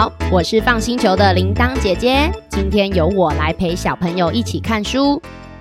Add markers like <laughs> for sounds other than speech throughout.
好，我是放星球的鈴鐺姐姐，今天由我來陪小朋友一起看書。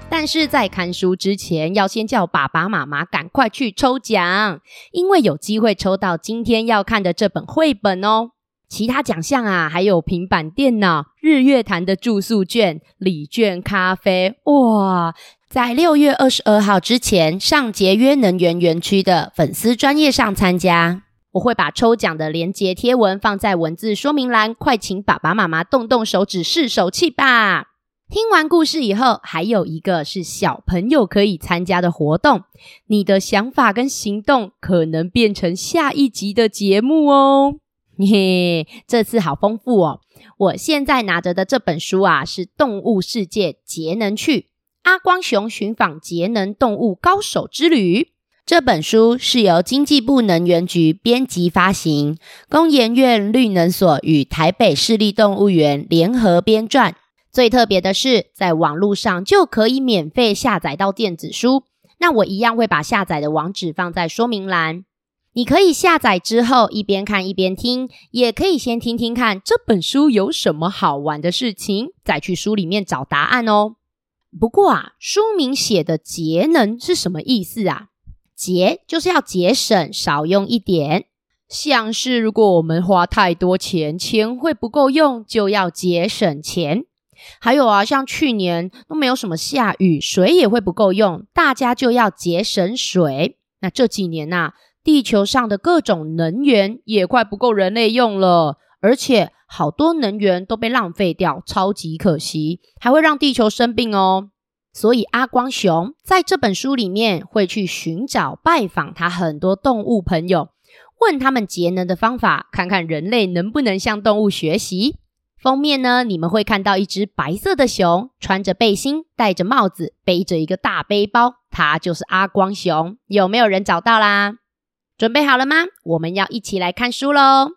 但是在看書之前，要先叫爸爸媽媽趕快去抽獎，因為有機會抽到今天要看的這本繪本哦。其他獎項啊，還有平板電腦、日月潭的住宿券、禮券、咖啡。哇，在六月二十二號之前，上節約能源園區的粉絲專頁上參加。我會把抽獎的連結貼文放在文字說明欄，快請爸爸媽媽動動手指試手氣吧！聽完故事以後，還有一個是小朋友可以參加的活動，你的想法跟行動可能變成下一集的節目哦。嘿嘿，這次好豐富哦！我現在拿着的這本書啊，是《動物世界節能趣》，阿光熊尋訪節能動物高手之旅。這本書是由經濟部能源局編輯發行，工研院綠能所與台北市立動物園聯合編撰。最特別的是，在網路上就可以免費下載到電子書。那我一樣會把下載的網址放在說明欄，你可以下載之後一邊看一邊聽，也可以先聽聽看這本書有什麼好玩的事情，再去書裡面找答案哦。不過啊，書名寫的“節能”是什麼意思啊？節就是要節省，少用一點。像是如果我們花太多錢，錢會不夠用，就要節省錢。還有啊，像去年都沒有什麼下雨，水也會不夠用，大家就要節省水。那這幾年啊，地球上的各種能源也快不夠人類用了，而且好多能源都被浪費掉，超級可惜，還會讓地球生病哦。所以阿光熊在這本書裡面會去尋找拜訪他很多動物朋友，問他們節能的方法，看看人類能不能向動物學習。封面呢，你們會看到一隻白色的熊，穿着背心，戴着帽子，背着一個大背包，它就是阿光熊。有沒有人找到啦？準備好了嗎？我們要一起來看書嘍！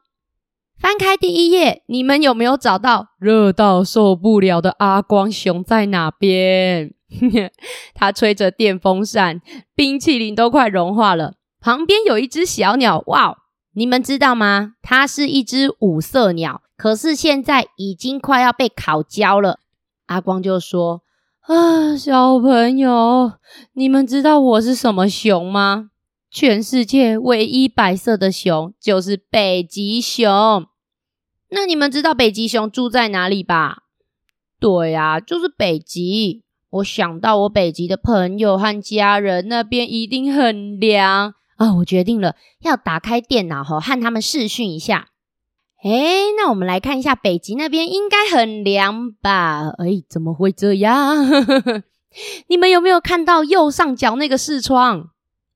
翻開第一頁，你們有沒有找到熱到受不了的阿光熊在哪邊？他 <laughs> 吹着電風扇，冰淇淋都快融化了。旁邊有一隻小鳥，哇、wow!！你們知道嗎？它是一隻五色鳥，可是現在已經快要被烤焦了。阿光就說：“啊，小朋友，你們知道我是什麼熊嗎？全世界唯一白色的熊就是北極熊。”那你們知道北極熊住在哪裡吧？對呀、啊，就是北極。我想到我北極的朋友和家人那邊一定很涼啊、哦！我決定了，要打開電腦齁，和他們視訊一下。哎、欸，那我們來看一下北極那邊應該很涼吧？哎、欸，怎麼會這樣？ <laughs> 你們有沒有看到右上角那個視窗？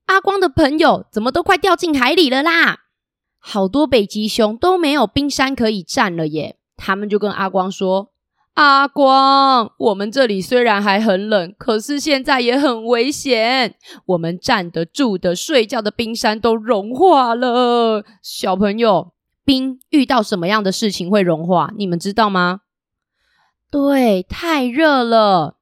阿光的朋友怎麼都快掉進海裡了啦？好多北極熊都沒有冰山可以站了耶！他們就跟阿光說：“阿光，我們這裡雖然還很冷，可是現在也很危險。我們站得住的、睡覺的冰山都融化了。小朋友，冰遇到什麼樣的事情會融化？你們知道嗎？對，太熱了。”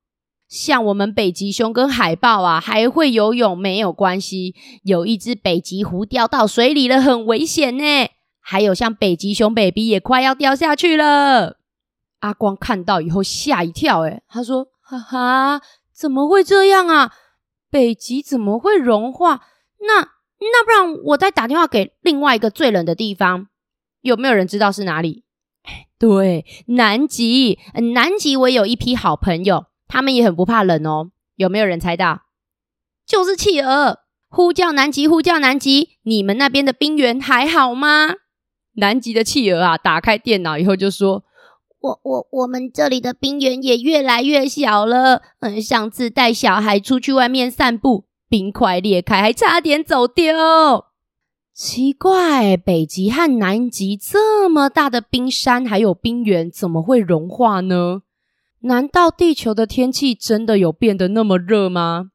像我們北極熊跟海豹啊，還會游泳，沒有關係。有一只北極狐掉到水裡了，很危險呢。還有像北極熊 baby 也快要掉下去了。阿光看到以後嚇一跳，哎，他說：“哈哈，怎麼會這樣啊？北極怎麼會融化？那那不然我再打電話給另外一個最冷的地方，有沒有人知道是哪裡？”對，南極，南極我有一批好朋友。他們也很不怕冷哦，有沒有人猜到？就是企鵝，呼叫南極，呼叫南極，你們那邊的冰原還好嗎？南極的企鵝啊，打開電腦以後就說：“我我我們這裡的冰原也越來越小了，嗯，上次帶小孩出去外面散步，冰塊裂開，還差點走丟。奇怪，北極和南極這麼大的冰山還有冰原，怎麼會融化呢？”難道地球的天氣真的有變得那麼熱嗎？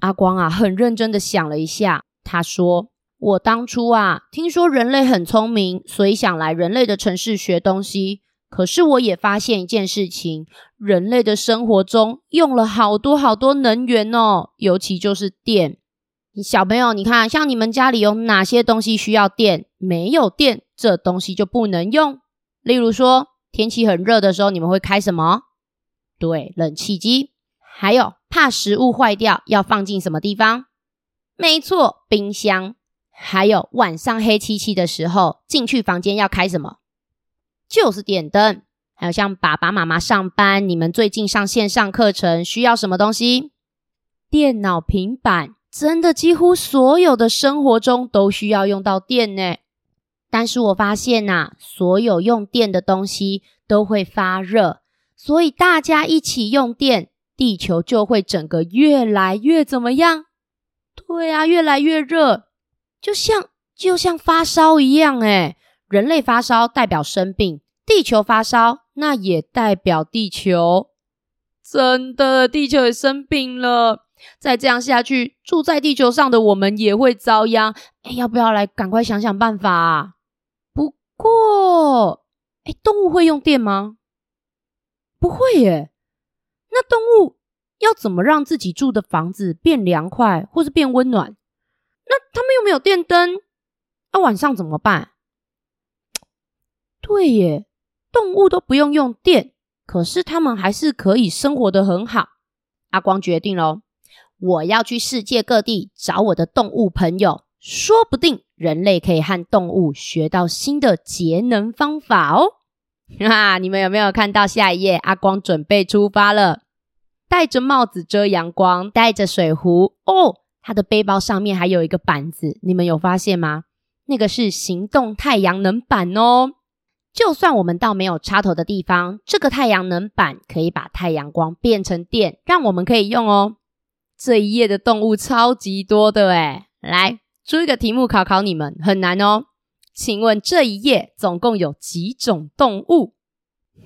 阿光啊，很認真的想了一下，他說：“我當初啊，聽說人類很聰明，所以想來人類的城市學東西。可是我也發現一件事情，人類的生活中用了好多好多能源哦，尤其就是電。小朋友，你看，像你們家裡有哪些東西需要電？沒有電，這東西就不能用。例如說，天氣很熱的時候，你們會開什麼？”對，冷氣機，還有怕食物壞掉要放進什麼地方？沒錯，冰箱。還有晚上黑漆漆的時候，進去房間要開什麼？就是電燈。還有像爸爸媽媽上班，你們最近上線上課程需要什麼東西？電腦、平板，真的幾乎所有的生活中都需要用到電呢。但是我發現吶、啊，所有用電的東西都會發熱。所以大家一起用電，地球就會整個越來越怎麼樣？對啊，越來越熱，就像就像發燒一樣誒，人類發燒代表生病，地球發燒，那也代表地球。真的，地球也生病了。再這樣下去，住在地球上的我們也會遭殃。哎，要不要來趕快想想辦法啊？不過，哎，動物會用電嗎？不會耶，那動物要怎麼讓自己住的房子變涼快，或是變溫暖？那他們又沒有電燈，那、啊、晚上怎麼辦？對耶，動物都不用用電，可是他們還是可以生活得很好。阿光決定嘍，我要去世界各地找我的動物朋友，說不定人類可以和動物學到新的節能方法哦。哈哈、啊，你們有沒有看到下一頁？阿光準備出發了，戴着帽子遮陽光，戴着水壺哦。他的背包上面還有一個板子，你們有發現嗎？那個是行動太陽能板哦。就算我們到沒有插頭的地方，這個太陽能板可以把太陽光變成電，讓我們可以用哦。這一頁的動物超級多的哎，來，出一個題目考考你們，很難哦。請問這一頁總共有幾種動物？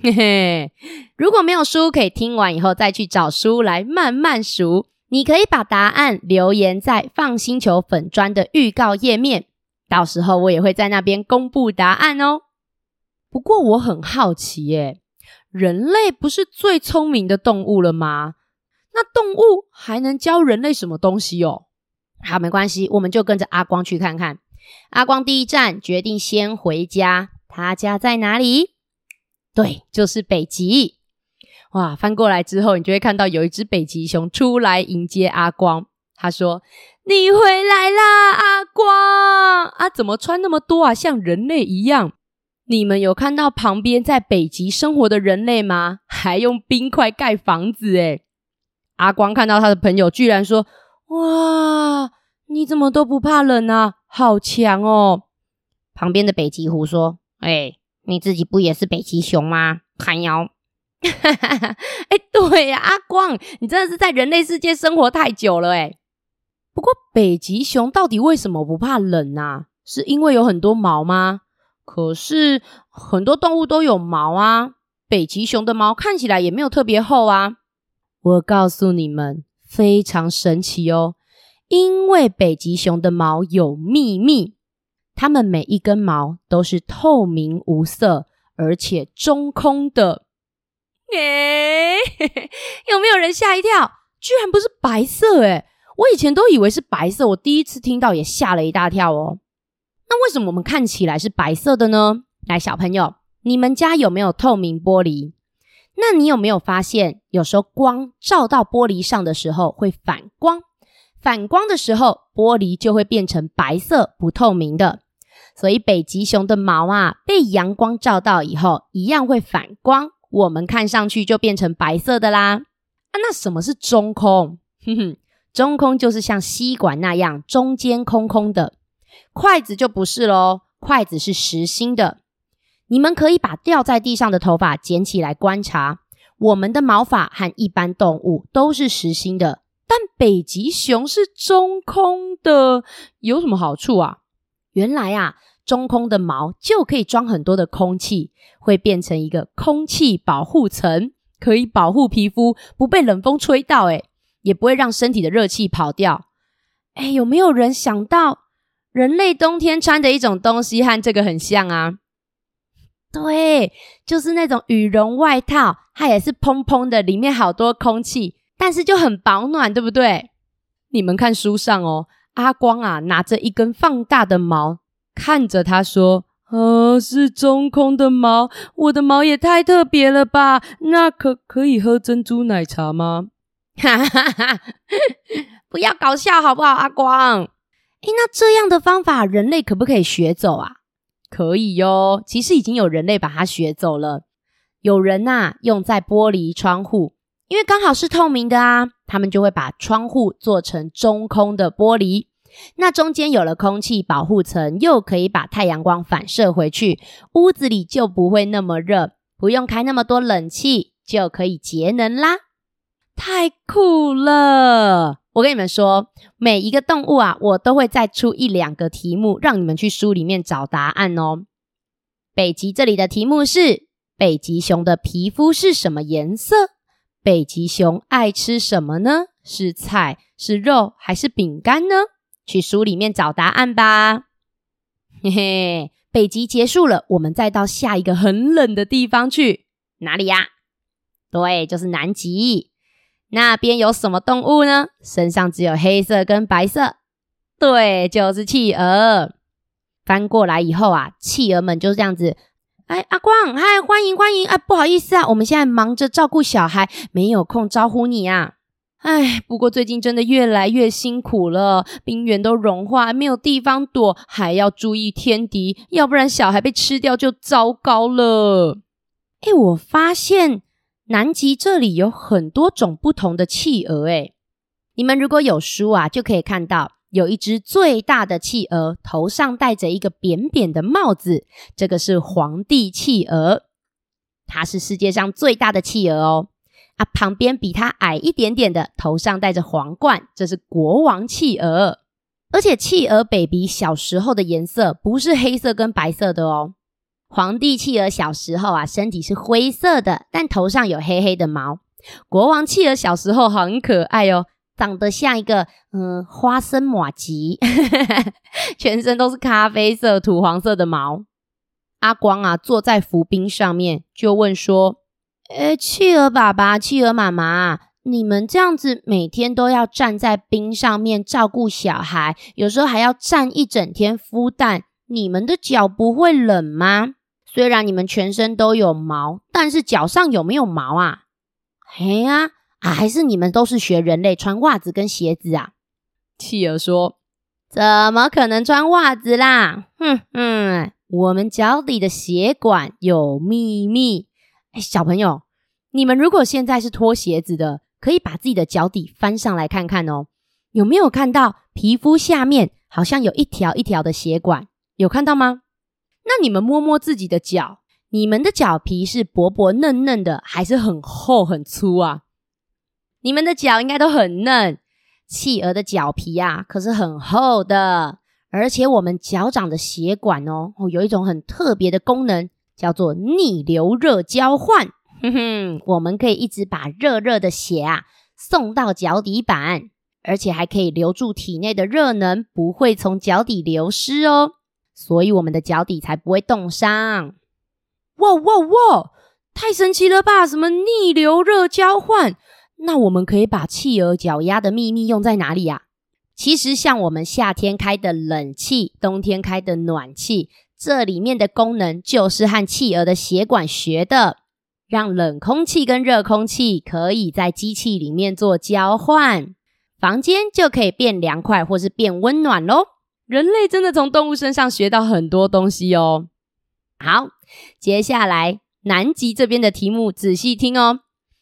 嘿嘿，如果沒有書，可以聽完以後再去找書來慢慢數。你可以把答案留言在 FUN 星球粉專的預告頁面，到時候我也會在那邊公布答案哦。不過我很好奇耶，人類不是最聰明的動物了嗎？那動物還能教人類什麼東西哦？嗯、好，沒關係，我們就跟着阿光去看看。阿光第一站決定先回家，他家在哪裡？對，就是北極。哇，翻過來之後，你就會看到有一隻北極熊出來迎接阿光。他說：“你回來啦，阿光！啊，怎麼穿那麼多啊？像人類一樣？你們有看到旁邊在北極生活的人類嗎？還用冰塊蓋房子。誒，阿光看到他的朋友，居然說：哇！”你怎麼都不怕冷啊？好強哦！旁邊的北極狐說：“哎、欸，你自己不也是北極熊嗎？寒窯。”哈哈！哎，對呀、啊，阿光，你真的是在人類世界生活太久了哎。不過，北極熊到底為什麼不怕冷啊？是因為有很多毛嗎？可是很多動物都有毛啊，北極熊的毛看起來也沒有特別厚啊。我告訴你們，非常神奇哦。因為北極熊的毛有秘密，它們每一根毛都是透明無色，而且中空的。誒、欸、有沒有人嚇一跳？居然不是白色誒、欸，我以前都以為是白色，我第一次聽到也嚇了一大跳哦。那為什麼我們看起來是白色的呢？來，小朋友，你們家有沒有透明玻璃？那你有沒有發現，有時候光照到玻璃上的時候會反光？反光的時候，玻璃就會變成白色不透明的。所以北極熊的毛啊，被陽光照到以後，一樣會反光，我們看上去就變成白色的啦。啊，那什麼是中空？哼哼，中空就是像吸管那樣，中間空空的。筷子就不是嘍，筷子是實心的。你們可以把掉在地上的頭髮撿起來觀察，我們的毛髮和一般動物都是實心的。北極熊是中空的，有什麼好處啊？原來啊，中空的毛就可以裝很多的空氣，會變成一個空氣保護層，可以保護皮膚不被冷風吹到，欸，哎，也不會讓身體的熱氣跑掉。哎、欸，有沒有人想到人類冬天穿的一種東西和這個很像啊？對，就是那種羽絨外套，它也是蓬蓬的，裡面好多空氣。但是就很保暖，對不對？你們看書上哦，阿光啊，拿着一根放大的毛，看着他說：“呃，是中空的毛，我的毛也太特別了吧？那可可以喝珍珠奶茶嗎？” <laughs> 不要搞笑好不好，阿光？哎，那這樣的方法，人類可不可以學走啊？可以喲，其實已經有人類把它學走了，有人吶、啊、用在玻璃窗戶。因為剛好是透明的啊，他們就會把窗戶做成中空的玻璃，那中間有了空氣保護層，又可以把太陽光反射回去，屋子裡就不會那麼熱，不用開那麼多冷氣就可以節能啦。太酷了！我跟你們說，每一個動物啊，我都會再出一兩個題目，讓你們去書裡面找答案哦。北極這裡的題目是：北極熊的皮膚是什麼顏色？北極熊愛吃什麼呢？是菜？是肉？還是餅乾呢？去書裡面找答案吧。嘿嘿，北極結束了，我們再到下一個很冷的地方去。哪裡呀？對，就是南極。那邊有什麼動物呢？身上只有黑色跟白色。對，就是企鵝。翻過來以後啊，企鵝們就這樣子。哎，阿光，嗨、哎，歡迎歡迎！哎，不好意思啊，我們現在忙着照顧小孩，沒有空招呼你啊。哎，不過最近真的越來越辛苦了，冰原都融化，沒有地方躲，還要注意天敵，要不然小孩被吃掉就糟糕了。哎，我發現南極這裡有很多種不同的企鵝，哎，你們如果有書啊，就可以看到。有一隻最大的企鵝，頭上戴着一個扁扁的帽子，這個是皇帝企鵝，它是世界上最大的企鵝哦。啊，旁邊比它矮一點點的，頭上戴着皇冠，這是國王企鵝。而且企鵝 baby 小時候的顏色不是黑色跟白色的哦。皇帝企鵝小時候啊，身體是灰色的，但頭上有黑黑的毛。國王企鵝小時候很可愛哦。長得像一個嗯花生麻糬， <laughs> 全身都是咖啡色、土黃色的毛。阿光啊，坐在浮冰上面就問說：“誒、欸，企鵝爸爸、企鵝媽媽，你們這樣子每天都要站在冰上面照顧小孩，有時候還要站一整天孵蛋，你們的腳不會冷嗎？雖然你們全身都有毛，但是腳上有沒有毛啊？”嘿啊！啊，還是你們都是學人類穿襪子跟鞋子啊？企鵝說：“怎麼可能穿襪子啦？哼哼，我們腳底的血管有秘密。欸，小朋友，你們如果現在是脫鞋子的，可以把自己的腳底翻上來看看哦。有沒有看到皮膚下面好像有一條一條的血管？有看到嗎？那你們摸摸自己的腳，你們的腳皮是薄薄嫩嫩的，還是很厚很粗啊？”你們的腳應該都很嫩，企鵝的腳皮啊，可是很厚的，而且我們腳掌的血管哦，哦，有一種很特別的功能，叫做逆流熱交換。哼哼，我們可以一直把熱熱的血啊送到腳底板，而且還可以留住體內的熱能，不會從腳底流失哦。所以我們的腳底才不會凍傷。哇哇哇，太神奇了吧？什麼逆流熱交換？那我們可以把企鵝腳丫的祕密用在哪裡呀？其實，像我們夏天開的冷氣、冬天開的暖氣，這裡面的功能就是和企鵝的血管學的，讓冷空氣跟熱空氣可以在機器裡面做交換，房間就可以變涼快或是變溫暖咯。人類真的從動物身上學到很多東西哦。好，接下來南極這邊的題目，仔細聽哦。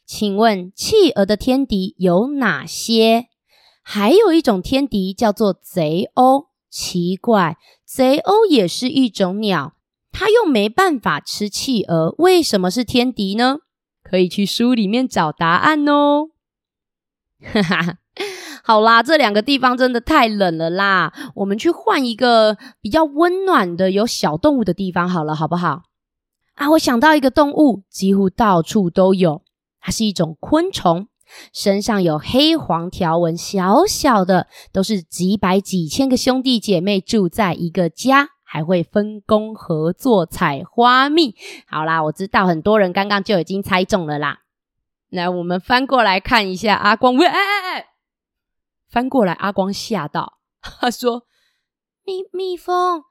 請問企鵝的天敵有哪些？還有一種天敵叫做賊鷗。奇怪，賊鷗也是一種鳥，它又沒辦法吃企鵝，為什麼是天敵呢？可以去書裡面找答案哦。哈哈，好啦，這兩個地方真的太冷了啦，我們去換一個比較溫暖的，有小動物的地方好了，好不好？啊，我想到一個動物，幾乎到處都有。它是一種昆蟲，身上有黑黃條紋，小小的，都是幾百幾千個兄弟姐妹住在一個家，還會分工合作採花蜜。好啦，我知道很多人剛剛就已經猜中了啦。來，我們翻過來看一下阿光。喂，哎哎哎，翻過來，阿光嚇到，他說：“蜜蜜蜂，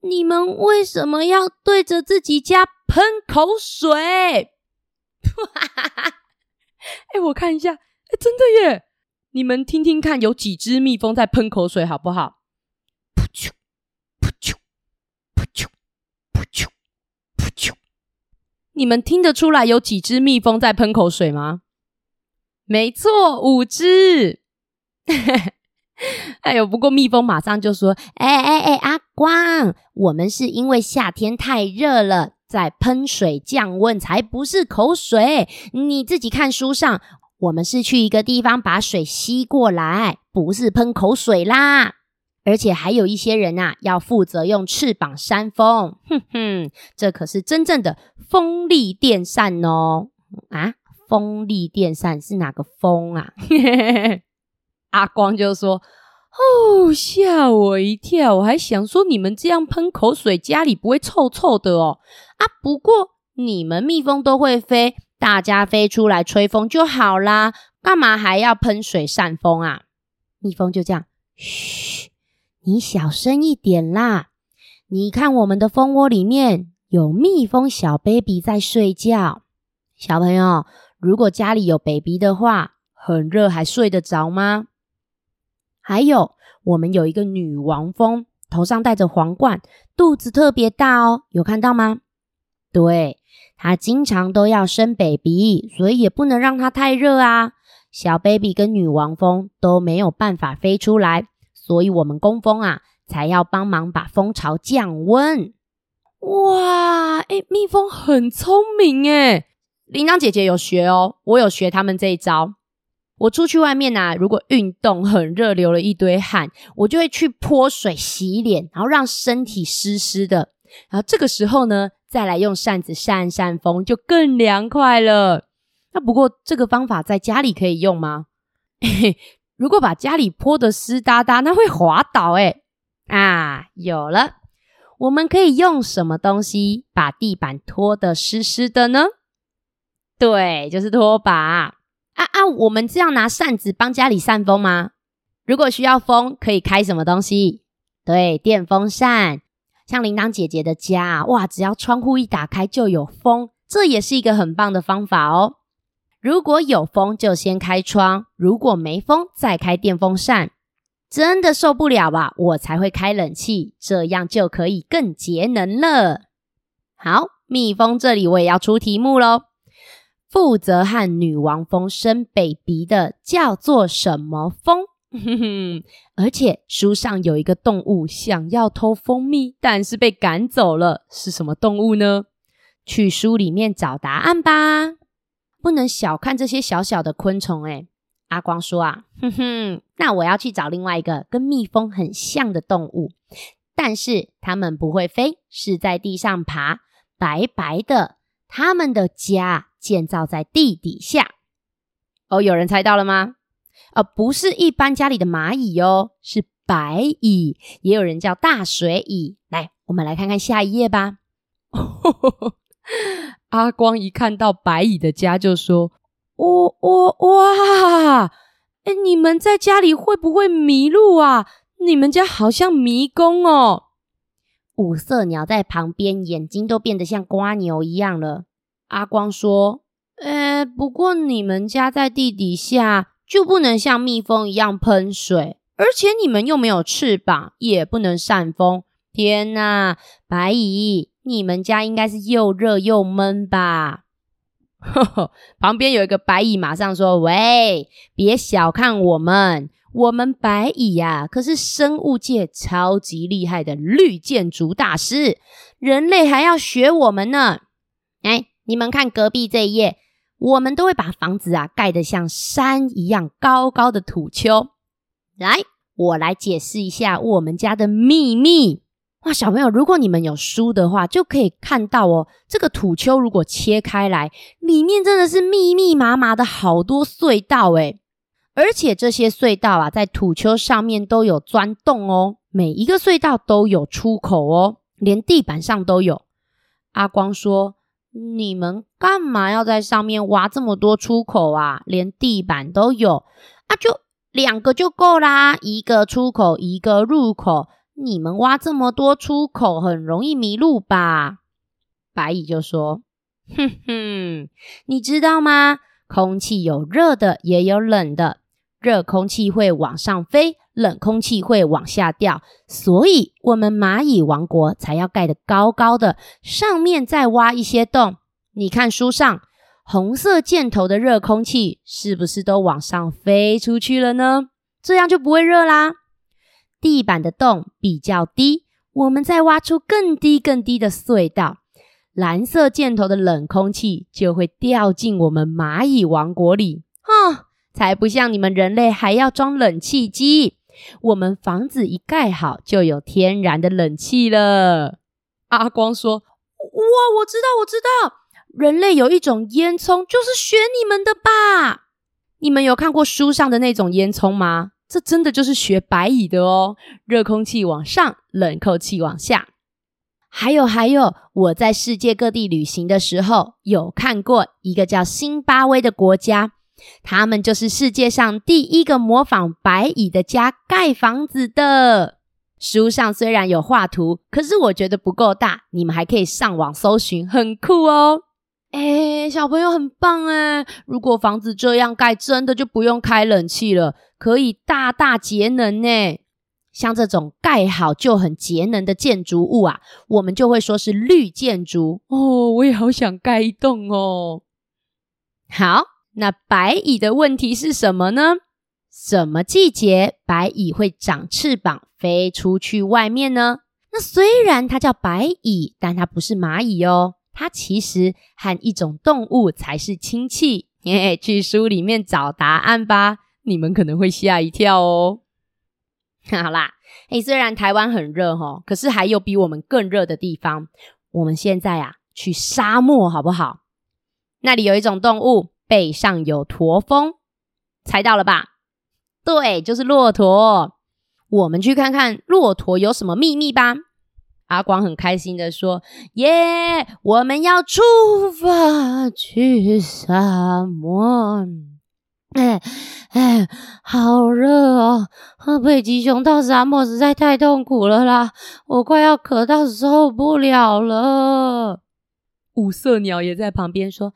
你們為什麼要對着自己家噴口水？”哈哈哈！哎、 <laughs> 欸，我看一下，哎、欸，真的耶！你們聽聽看，有幾隻蜜蜂在噴口水，好不好？噗啾，噗啾，噗啾，噗啾，噗啾！你們聽得出來有幾隻蜜蜂在噴口水嗎？沒錯，五隻。 <laughs> 哎呦，不過蜜蜂馬上就說：“哎哎哎，阿光，我們是因為夏天太熱了。”在噴水降溫才不是口水，你自己看書上，我們是去一個地方把水吸過來，不是噴口水啦。而且還有一些人吶、啊，要負責用翅膀扇風，哼哼，這可是真正的風力電扇哦、喔。啊，風力電扇是哪個風啊？ <laughs> 阿光就說。哦，嚇我一跳！我還想說，你們這樣噴口水，家裡不會臭臭的哦。啊，不過你們蜜蜂都會飛，大家飛出來吹風就好啦，幹嘛還要噴水扇風啊？蜜蜂就這樣，噓，你小聲一點啦。你看我們的蜂窩裡面有蜜蜂小 baby 在睡覺。小朋友，如果家裡有 baby 的話，很熱還睡得着嗎？還有，我們有一個女王蜂，頭上戴着皇冠，肚子特別大哦，有看到嗎？對，它經常都要生 baby，所以也不能讓它太熱啊。小 baby 跟女王蜂都沒有辦法飛出來，所以我們工蜂啊，才要幫忙把蜂巢降溫。哇，哎，蜜蜂很聰明誒。鈴鐺姐姐有學哦，我有學他們這一招。我出去外面吶、啊，如果運動很熱，流了一堆汗，我就會去潑水洗臉，然後讓身體濕濕的，然後這個時候呢，再來用扇子扇扇風，就更涼快了。那不過這個方法在家裡可以用嗎？ <laughs> 如果把家裡潑得濕噠噠，那會滑倒誒、欸、啊！有了，我們可以用什麼東西把地板拖得濕濕的呢？對，就是拖把。啊啊！我們這樣拿扇子幫家裡扇風嗎？如果需要風，可以開什麼東西？對，電風扇。像鈴鐺姐姐的家，哇，只要窗戶一打開就有風，這也是一個很棒的方法哦。如果有風，就先開窗；如果沒風，再開電風扇。真的受不了啊，我才會開冷氣，這樣就可以更節能了。好，蜜蜂這裡我也要出題目嘍。負責和女王蜂生 baby 的叫做什麼蜂？哼哼，而且書上有一個動物想要偷蜂蜜，但是被趕走了，是什麼動物呢？去書裡面找答案吧。不能小看這些小小的昆蟲誒。阿光說啊，哼哼，那我要去找另外一個跟蜜蜂很像的動物，但是它們不會飛，是在地上爬，白白的。他們的家建造在地底下哦，有人猜到了嗎？呃，不是一般家裡的螞蟻哦，是白蟻，也有人叫大水蟻。來，我們來看看下一頁吧。哦、呵呵，阿光一看到白蟻的家，就說：我、哦、我、哦、哇，誒，你們在家裡會不會迷路啊？你們家好像迷宮哦。五色鳥在旁邊，眼睛都變得像蝸牛一樣了。阿光說：“呃、欸，不過你們家在地底下，就不能像蜜蜂一樣噴水，而且你們又沒有翅膀，也不能扇風。天哪、啊，白蟻，你們家應該是又熱又悶吧？”呵呵，旁邊有一個白蟻，馬上說：“喂，別小看我們。”我們白蟻啊，可是生物界超級厲害的綠建築大師，人類還要學我們呢。哎、欸，你們看隔壁這一頁，我們都會把房子啊蓋得像山一樣高高的土丘。來，我來解釋一下我們家的秘密。哇，小朋友，如果你們有書的話，就可以看到哦。這個土丘如果切開來，裡面真的是密密麻麻的好多隧道、欸，哎。而且這些隧道啊，在土丘上面都有鑽洞哦，每一個隧道都有出口哦，連地板上都有。阿光說：“你們幹嘛要在上面挖這麼多出口啊？連地板都有啊，就，就兩個就夠啦，一個出口，一個入口。你們挖這麼多出口，很容易迷路吧？”白蟻就說：“哼哼，你知道嗎？空氣有熱的，也有冷的。”熱空氣會往上飛，冷空氣會往下掉，所以我們螞蟻王國才要蓋得高高的，上面再挖一些洞。你看書上紅色箭頭的熱空氣是不是都往上飛出去了呢？這樣就不會熱啦。地板的洞比較低，我們再挖出更低更低的隧道。藍色箭頭的冷空氣就會掉進我們螞蟻王國裡，哈、啊。才不像你們人類還要裝冷氣機，我們房子一蓋好就有天然的冷氣了。阿光說：“哇，我知道，我知道，人類有一種煙囪，就是學你們的吧？你們有看過書上的那種煙囪嗎？這真的就是學白蟻的哦，熱空氣往上，冷空氣往下。還有還有，我在世界各地旅行的時候，有看過一個叫辛巴威的國家。”他們就是世界上第一個模仿白蟻的家蓋房子的。書上雖然有畫圖，可是我覺得不夠大。你們還可以上網搜尋，很酷哦。哎、欸，小朋友很棒哎！如果房子這樣蓋，真的就不用開冷氣了，可以大大節能呢。像這種蓋好就很節能的建築物啊，我們就會說是綠建築哦。我也好想蓋一棟哦。好。那白蟻的問題是什麼呢？什麼季節白蟻會長翅膀飛出去外面呢？那雖然它叫白蟻，但它不是螞蟻哦，它其實和一種動物才是親戚。嘿嘿，去書裡面找答案吧，你們可能會嚇一跳哦。好啦，哎，雖然台灣很熱齁，可是還有比我們更熱的地方。我們現在啊，去沙漠好不好？那裡有一種動物。背上有駝峰，猜到了吧？對，就是駱駝。我們去看看駱駝有什麼秘密吧。阿光很開心地說：“耶，yeah, 我們要出發去沙漠。” <laughs> 哎哎哎，好熱哦！北極熊到沙漠實在太痛苦了啦，我快要渴到受不了了。五色鳥也在旁邊說。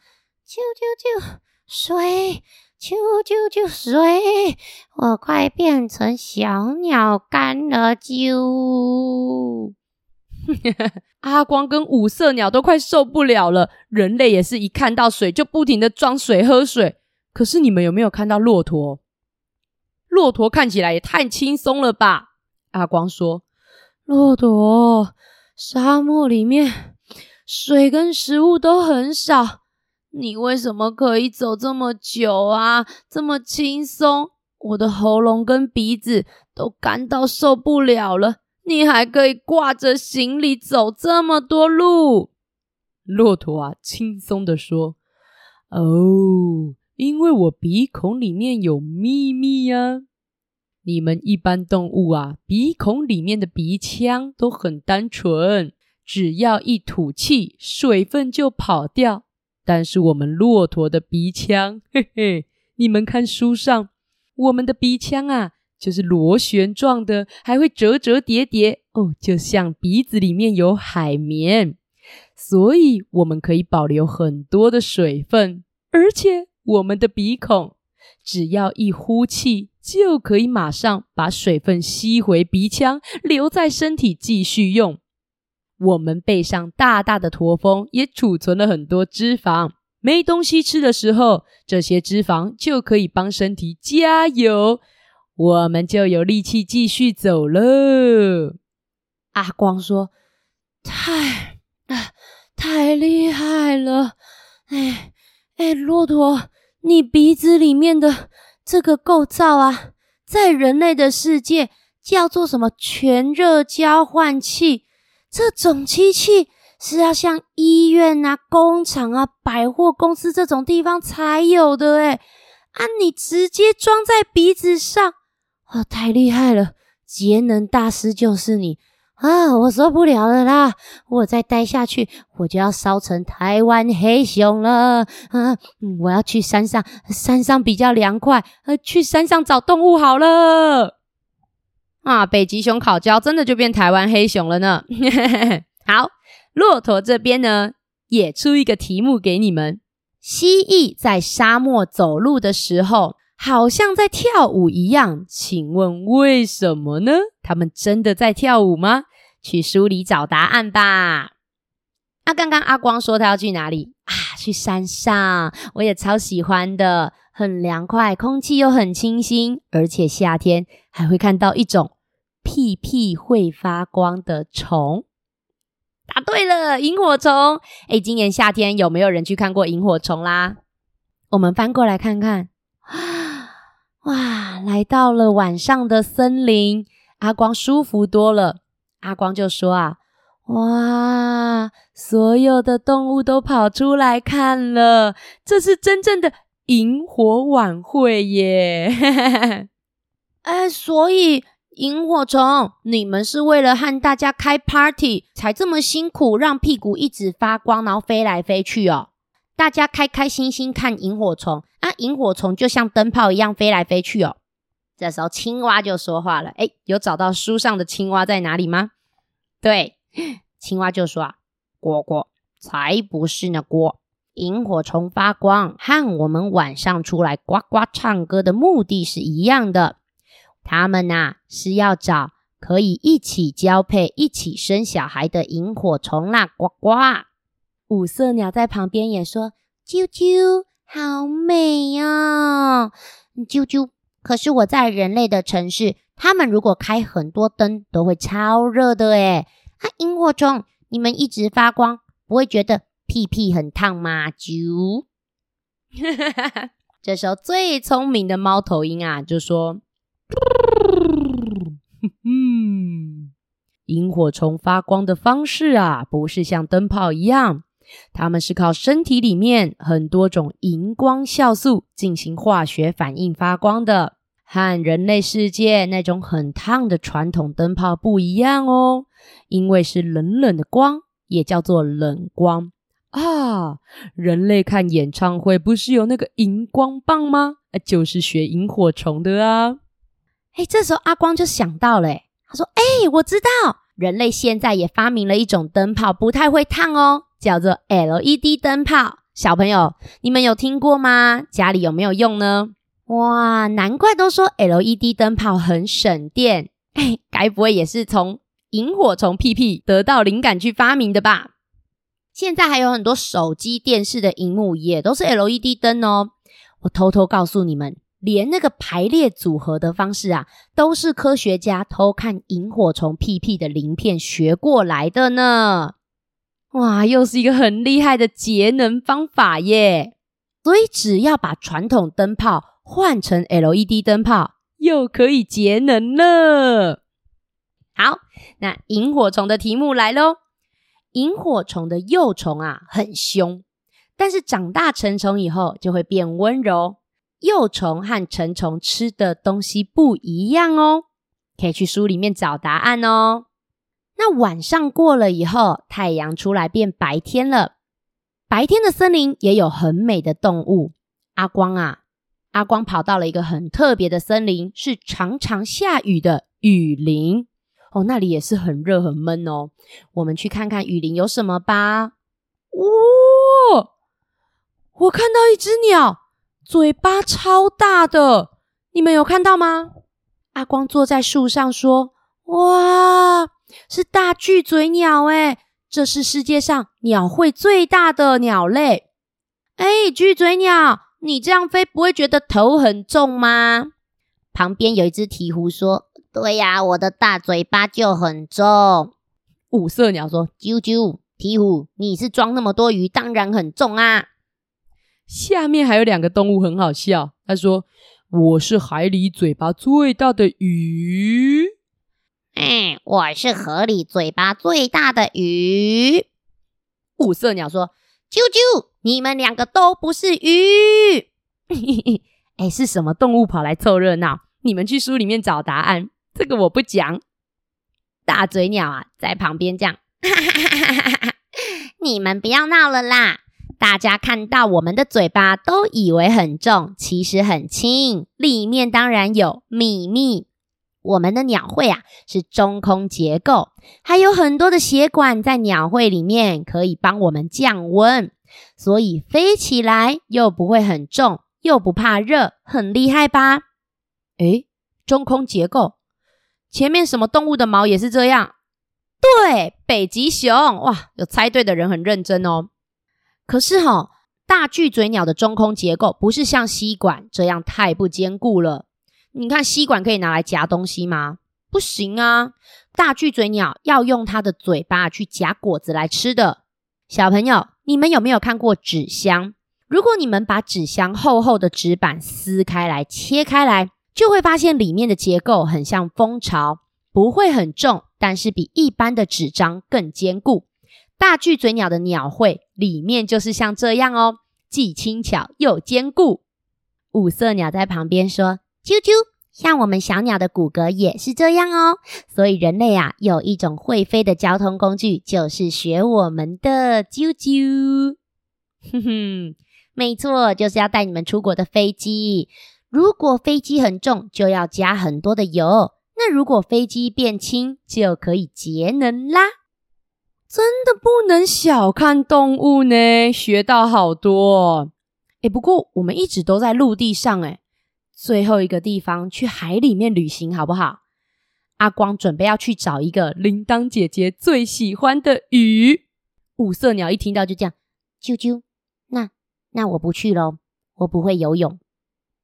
啾啾啾水！啾啾啾水！我快變成小鳥乾了！啾。 <laughs> 阿光跟五色鳥都快受不了了。人類也是一看到水就不停的裝水喝水。可是你們有沒有看到駱駝？駱駝看起來也太輕鬆了吧？阿光說：“駱駝，沙漠裡面水跟食物都很少。”你為什麼可以走這麼久啊？這麼輕鬆？我的喉嚨跟鼻子都乾到受不了了，你還可以掛着行李走這麼多路？駱駝啊，輕鬆地說：“哦，因為我鼻孔裡面有秘密啊！你們一般動物啊，鼻孔裡面的鼻腔都很單純，只要一吐氣，水分就跑掉。”但是我們駱駝的鼻腔，嘿嘿，你們看書上，我們的鼻腔啊，就是螺旋狀的，還會折折疊疊哦，就像鼻子裡面有海綿。所以我們可以保留很多的水分，而且我們的鼻孔，只要一呼氣，就可以馬上把水分吸回鼻腔，留在身體繼續用。我們背上大大的駝峰，也儲存了很多脂肪。沒東西吃的時候，這些脂肪就可以幫身體加油，我們就有力氣繼續走了。阿光說：「太，太……太厲害了！哎哎，駱駝，你鼻子裡面的這個構造啊，在人類的世界叫做什麼？全熱交換器。”這種機器是要像醫院啊、工廠啊、百貨公司這種地方才有的誒啊，你直接裝在鼻子上，啊，太厲害了！節能大師就是你啊，我受不了了啦！我再待下去，我就要燒成台灣黑熊了啊！我要去山上，山上比較涼快，去山上找動物好了。啊！北極熊烤焦，真的就變台灣黑熊了呢。 <laughs> 好，駱駝這邊呢，也出一個題目給你們：蜥蜴在沙漠走路的時候，好像在跳舞一樣，請問為什麼呢？它們真的在跳舞嗎？去書裡找答案吧。啊，剛剛阿光說他要去哪裡？去山上，我也超喜歡的，很涼快，空氣又很清新，而且夏天還會看到一種屁屁會發光的蟲。答對了，螢火蟲。哎，今年夏天有沒有人去看過螢火蟲啦？我們翻過來看看。哇，來到了晚上的森林，阿光舒服多了。阿光就說啊，哇。所有的動物都跑出來看了，這是真正的螢火晚會耶！哎、 <laughs> 欸，所以螢火蟲，你們是為了和大家開 party 才這麼辛苦，讓屁股一直發光，然後飛來飛去哦。大家開開心心看螢火蟲，啊螢火蟲就像燈泡一樣飛來飛去哦。這時候青蛙就說話了：“哎、欸，有找到書上的青蛙在哪裡嗎？”對，青蛙就說。啊。蟈蟈才不是呢！蟈，螢火蟲發光和我們晚上出來呱呱唱歌的目的是一樣的。它們啊是要找可以一起交配、一起生小孩的螢火蟲啦、啊！呱呱，五色鳥在旁邊也說：“啾啾，好美呀，哦，啾啾。”可是我在人類的城市，他們如果開很多燈，都會超熱的哎！啊，螢火蟲。你們一直發光，不會覺得屁屁很燙嗎？啾，這時候最聰明的貓頭鷹啊，就說：“嗯， <laughs> 螢火蟲發光的方式啊，不是像燈泡一樣，它們是靠身體裡面很多種熒光酵素進行化學反應發光的。”和人類世界那種很燙的傳統燈泡不一樣哦，因為是冷冷的光，也叫做冷光啊。人類看演唱會不是有那個熒光棒嗎？啊、就是學螢火蟲的啊。哎、欸，這時候阿光就想到了、欸，他說：“哎、欸，我知道，人類現在也發明了一種燈泡，不太會燙哦，叫做 LED 燈泡。小朋友，你們有聽過嗎？家裡有沒有用呢？”哇，難怪都說 LED 燈泡很省電，哎，該不會也是從螢火蟲屁屁得到靈感去發明的吧？現在還有很多手機、電視的熒幕也都是 LED 燈哦。我偷偷告訴你們，連那個排列組合的方式啊，都是科學家偷看螢火蟲屁屁的鱗片學過來的呢。哇，又是一個很厲害的節能方法耶！所以只要把傳統燈泡換成 LED 燈泡又可以節能了。好，那螢火蟲的題目來嘍。螢火蟲的幼蟲啊，很凶，但是長大成蟲以後就會變溫柔。幼蟲和成蟲吃的東西不一樣哦，可以去書裡面找答案哦。那晚上過了以後，太陽出來變白天了。白天的森林也有很美的動物。阿光啊。阿光跑到了一個很特別的森林，是常常下雨的雨林哦，那裡也是很熱很悶哦。我們去看看雨林有什麼吧。哇、哦，我看到一隻鳥，嘴巴超大的，你們有看到嗎？阿光坐在樹上說：“哇，是大巨嘴鳥哎，這是世界上鳥喙最大的鳥類。”哎，巨嘴鳥。你這樣飛不會覺得頭很重嗎？旁邊有一隻鹈鶘說：“對呀、啊，我的大嘴巴就很重。”五色鳥說：“啾啾，鹈鶘，你是裝那麼多魚，當然很重啊。”下面還有兩個動物很好笑，他說：“我是海裡嘴巴最大的魚。”“嗯，我是河裡嘴巴最大的魚。”五色鳥說。啾啾，你們兩個都不是魚，哎、 <laughs> 欸，是什麼動物跑來湊熱鬧？你們去書裡面找答案，這個我不講。大嘴鳥啊，在旁邊這樣， <laughs> 你們不要鬧了啦！大家看到我們的嘴巴都以為很重，其實很輕，裡面當然有祕密。我們的鳥喙啊，是中空結構，還有很多的血管在鳥喙裡面，可以幫我們降溫，所以飛起來又不會很重，又不怕熱，很厲害吧？誒，中空結構，前面什麼動物的毛也是這樣？對，北極熊。哇，有猜對的人很認真哦。可是哈、哦，大巨嘴鳥的中空結構不是像吸管這樣，太不堅固了。你看吸管可以拿來夾東西嗎？不行啊！大巨嘴鳥要用它的嘴巴去夾果子來吃的。小朋友，你們有沒有看過紙箱？如果你們把紙箱厚厚厚的紙板撕開來，切開來，就會發現裡面的結構很像蜂巢，不會很重，但是比一般的紙張更堅固。大巨嘴鳥的鳥喙裡面就是像這樣哦，既輕巧又堅固。五色鳥在旁邊說。啾啾，像我們小鳥的骨骼也是這樣哦，所以人類啊有一種會飛的交通工具，就是學我們的啾啾。哼哼，沒錯，就是要帶你們出國的飛機。如果飛機很重，就要加很多的油；那如果飛機變輕，就可以節能啦。真的不能小看動物呢，學到好多。誒，不過我們一直都在陸地上，誒。最後一個地方，去海裡面旅行好不好？阿光準備要去找一個鈴鐺姐姐最喜歡的魚。五色鳥一聽到就這樣，啾啾。那那我不去咯，我不會游泳。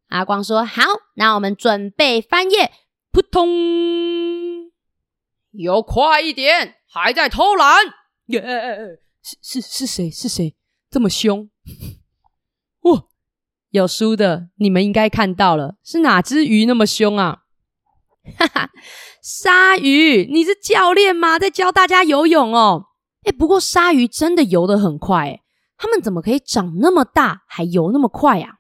阿光說：“好，那我們準備翻頁。”撲通！游快一點，還在偷懶！耶、yeah！是是是誰？是誰這麼兇？哇！有輸的，你們應該看到了，是哪隻魚那麼兇啊？哈哈，鯊魚，你是教練嗎？在教大家游泳哦。哎、欸，不過鯊魚真的游得很快，欸，他們怎麼可以長那麼大，還游那麼快啊？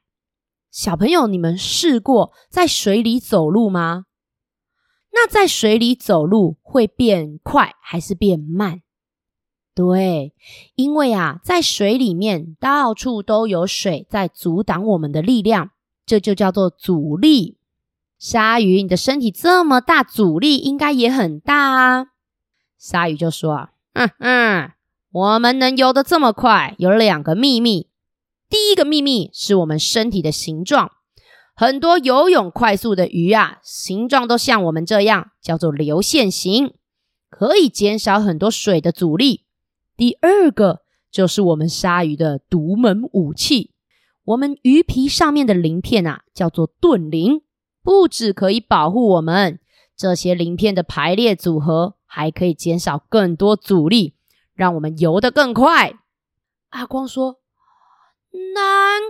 小朋友，你們試過在水裡走路嗎？那在水裡走路會變快還是變慢？對，因為啊，在水裡面到處都有水在阻擋我們的力量，這就叫做阻力。鯊魚，你的身體這麼大，阻力應該也很大啊。鯊魚就說：“嗯嗯，我們能游得這麼快，有兩個秘密。第一個秘密是我們身體的形狀，很多游泳快速的魚啊，形狀都像我們這樣，叫做流線型，可以減少很多水的阻力。”第二個就是我們鯊魚的獨門武器，我們魚皮上面的鱗片啊，叫做盾鱗，不止可以保護我們，這些鱗片的排列組合還可以減少更多阻力，讓我們游得更快。阿光說：“難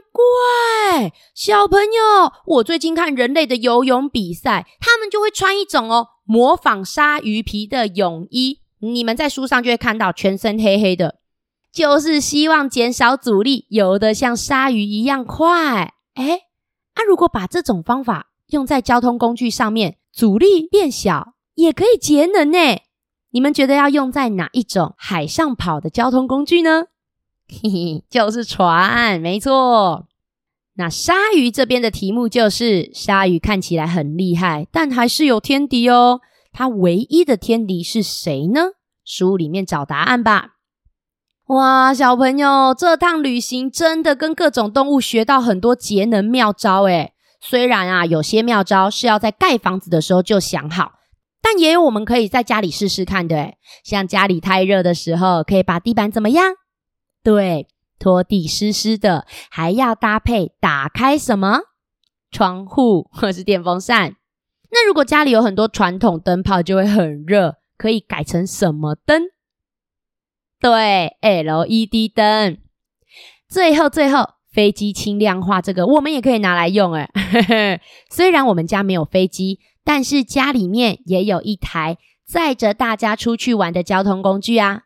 怪小朋友，我最近看人類的游泳比賽，他們就會穿一種哦，模仿鯊魚皮的泳衣。”你們在書上就會看到，全身黑黑的，就是希望減少阻力，游得像鯊魚一樣快。誒？啊，如果把這種方法用在交通工具上面，阻力變小，也可以節能呢。你們覺得要用在哪一種海上跑的交通工具呢？嘿嘿，就是船，沒錯。那鯊魚這邊的題目就是，鯊魚看起來很厲害，但還是有天敵哦。它唯一的天敵是誰呢？書裡面找答案吧。哇，小朋友，這趟旅行真的跟各種動物學到很多節能妙招誒。雖然啊，有些妙招是要在蓋房子的時候就想好，但也有我們可以在家裡試試看的誒。像家裡太熱的時候，可以把地板怎麼樣？對，拖地濕濕的，還要搭配打開什麼窗戶或是電風扇。那如果家裡有很多傳統燈泡，就會很熱。可以改成什麼燈？對，LED 燈。最後最後，飛機輕量化這個，我們也可以拿來用哎、欸。 <laughs> 雖然我們家沒有飛機，但是家裡面也有一台載着大家出去玩的交通工具啊。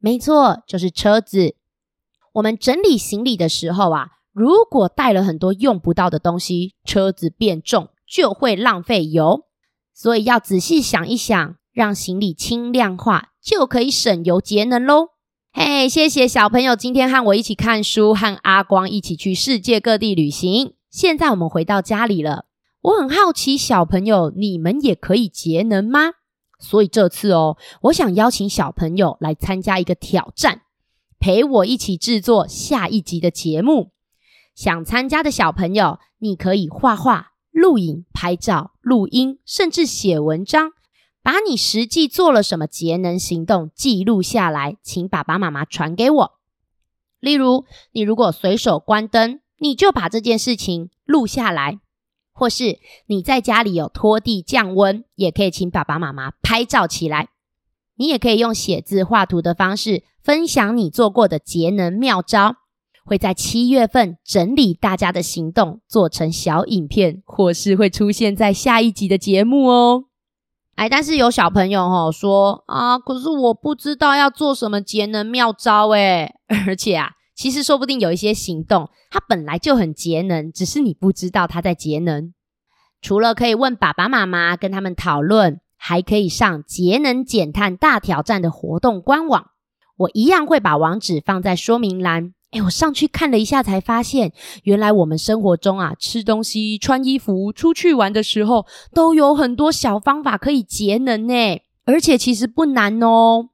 沒錯，就是車子。我們整理行李的時候啊，如果帶了很多用不到的東西，車子變重。就會浪費油，所以要仔細想一想，讓行李輕量化，就可以省油節能嘍。嘿，hey，謝謝小朋友今天和我一起看書，和阿光一起去世界各地旅行。現在我們回到家裡了，我很好奇小朋友，你們也可以節能嗎？所以這次哦，我想邀請小朋友來參加一個挑戰，陪我一起制作下一集的節目。想參加的小朋友，你可以畫畫。錄影、拍照、錄音，甚至寫文章，把你實際做了什麼節能行動記錄下來，請爸爸媽媽傳給我。例如，你如果隨手關燈，你就把這件事情錄下來；或是你在家裡有拖地降溫，也可以請爸爸媽媽拍照起來。你也可以用寫字、畫圖的方式分享你做過的節能妙招。會在七月份整理大家的行動，做成小影片，或是會出現在下一集的節目哦。哎，但是有小朋友哦說啊，可是我不知道要做什麼節能妙招誒。而且啊，其實說不定有一些行動，它本來就很節能，只是你不知道它在節能。除了可以問爸爸媽媽跟他們討論，還可以上節能減碳大挑戰的活動官網，我一樣會把網址放在說明欄。哎，我上去看了一下，才發現原來我們生活中啊，吃東西、穿衣服、出去玩的時候，都有很多小方法可以節能呢。而且其實不難哦。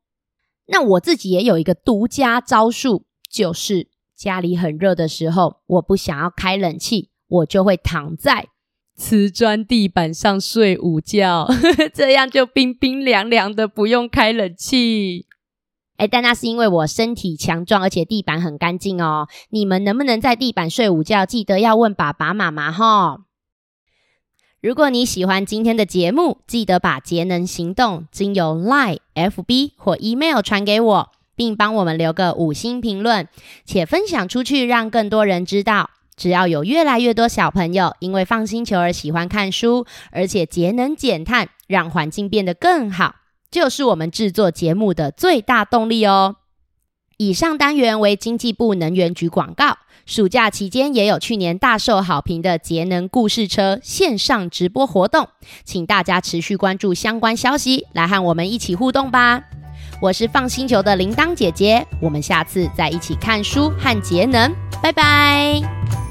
那我自己也有一個獨家招數，就是家裡很熱的時候，我不想要開冷氣，我就會躺在瓷磚地板上睡午覺，呵呵，這樣就冰冰涼涼的，不用開冷氣。哎，但那是因為我身體強壯，而且地板很乾淨哦。你們能不能在地板睡午覺？記得要問爸爸媽媽哈。如果你喜歡今天的節目，記得把節能行動經由 Line、FB 或 Email 傳給我，並幫我們留個五星評論，且分享出去，讓更多人知道。只要有越來越多小朋友因為 FUN 星球而喜歡看書，而且節能減碳，讓環境變得更好。就是我們製作節目的最大動力哦。以上單元為經濟部能源局廣告。暑假期間也有去年大受好評的節能故事車線上直播活動，請大家持續關注相關消息，來和我們一起互動吧。我是 FUN 星球的鈴鐺姐姐，我們下次再一起看書和節能，拜拜。